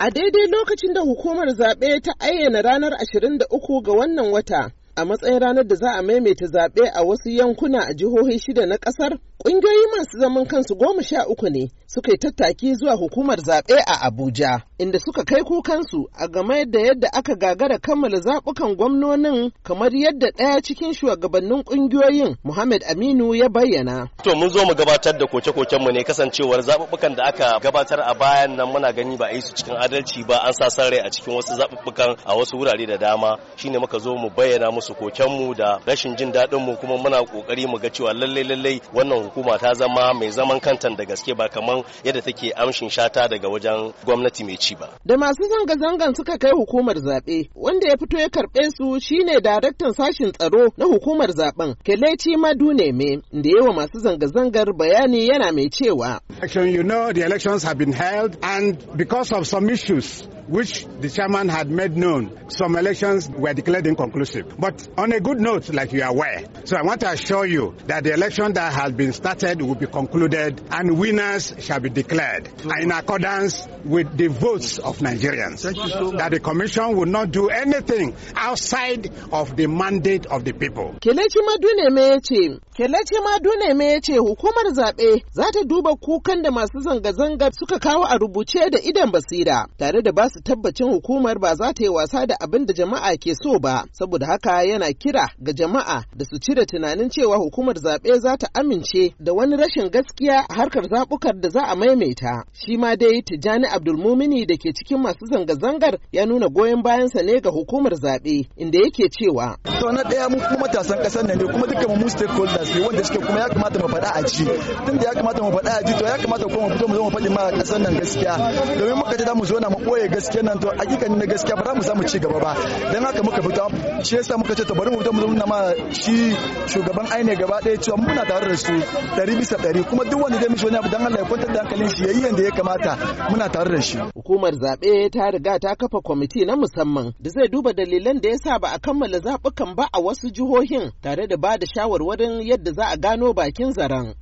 A daidai lokacin da hukumar zaɓe ta ayyana ranar 23 ga wannan wata a matsayin ranar da za a maimaita zaɓe a wasu yankuna a jihohi shida na ƙasar, Ƙungiyoyi masu zaman kansu goma sha uku ne suka yi tattaki zuwa hukumar zaɓe a Abuja, inda suka kai kukansu a game da yadda aka gagara kammala zaɓukan gwamnonin kamar yadda ɗaya cikin shugabannin ƙungiyoyin Muhammad Aminu ya bayyana. To mun zo mu gabatar da koke-koken mu ne kasancewar zaɓuɓɓukan da aka gabatar a bayan nan muna gani ba a yi su cikin adalci ba an sa san rai a cikin wasu zaɓuɓɓukan a wasu wurare da dama shine muka zo mu bayyana musu kokenmu da rashin jin daɗin mu kuma muna ƙoƙari mu ga cewa lallai lallai wannan hukuma ta zama mai zaman kanta da gaske ba kamar yadda take amshin shata daga wajen gwamnati mai ci ba. Da masu zanga-zangan suka kai hukumar zaɓe wanda ya fito ya karɓe su shine daraktan sashin tsaro na hukumar zaben Kelechi Maduneme da yawa masu zanga-zangar bayani yana mai cewa. Election, you know, the elections have been held and because of some issues which the chairman had made known, some elections were declared inconclusive. But on a good note, like you are aware. So I want to assure you that the election that has been started will be concluded and winners shall be declared in accordance with the votes of Nigerians. So that the commission will not do anything outside of the mandate of the people. Kelechi Maduneme ya ce, Kelechi Maduneme ya ce hukumar zaɓe za ta duba kukan da masu zanga-zanga suka kawo a rubuce da idan basira tare da basu tabbacin hukumar ba za ta yi wasa da abin da jama'a ke so ba saboda haka yana kira ga jama'a da su cire tunanin cewa hukumar zaɓe za ta amince da wani rashin gaskiya a harkar zaɓukar da za a maimaita shi ma dai tijjani abdulmumini da ke cikin masu zanga-zangar ya nuna goyon bayansa ne ga hukumar zaɓe inda yake cewa to na ɗaya mu kuma matasan ƙasar nan ne kuma dukkan mu stakeholders ne wanda suke kuma ya kamata mu faɗa a ji tunda ya kamata mu faɗa a ji to ya kamata kuma mu fito mu zo mu faɗi ma ƙasar nan gaskiya domin muka ji za mu zo na mu ɓoye gaskiya kenan nan to hakikani na gaskiya ba za mu samu ci gaba ba dan haka muka fita shi yasa muka ce to bari mu mu ma shi shugaban aine gaba ɗaya cewa muna tare da su ɗari bisa ɗari kuma duk wanda zai mishi wani abu dan Allah ya kwantar da hankalin shi yayi yanda ya kamata muna tare da shi hukumar zabe ta riga ta kafa kwamiti na musamman da zai duba dalilan da yasa ba a kammala zaɓukan ba a wasu jihohin tare da ba da shawarwarin yadda za a gano bakin zaren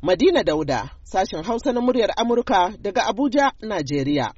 Madina Dauda, sashen Hausa na muryar Amurka daga Abuja, Najeriya.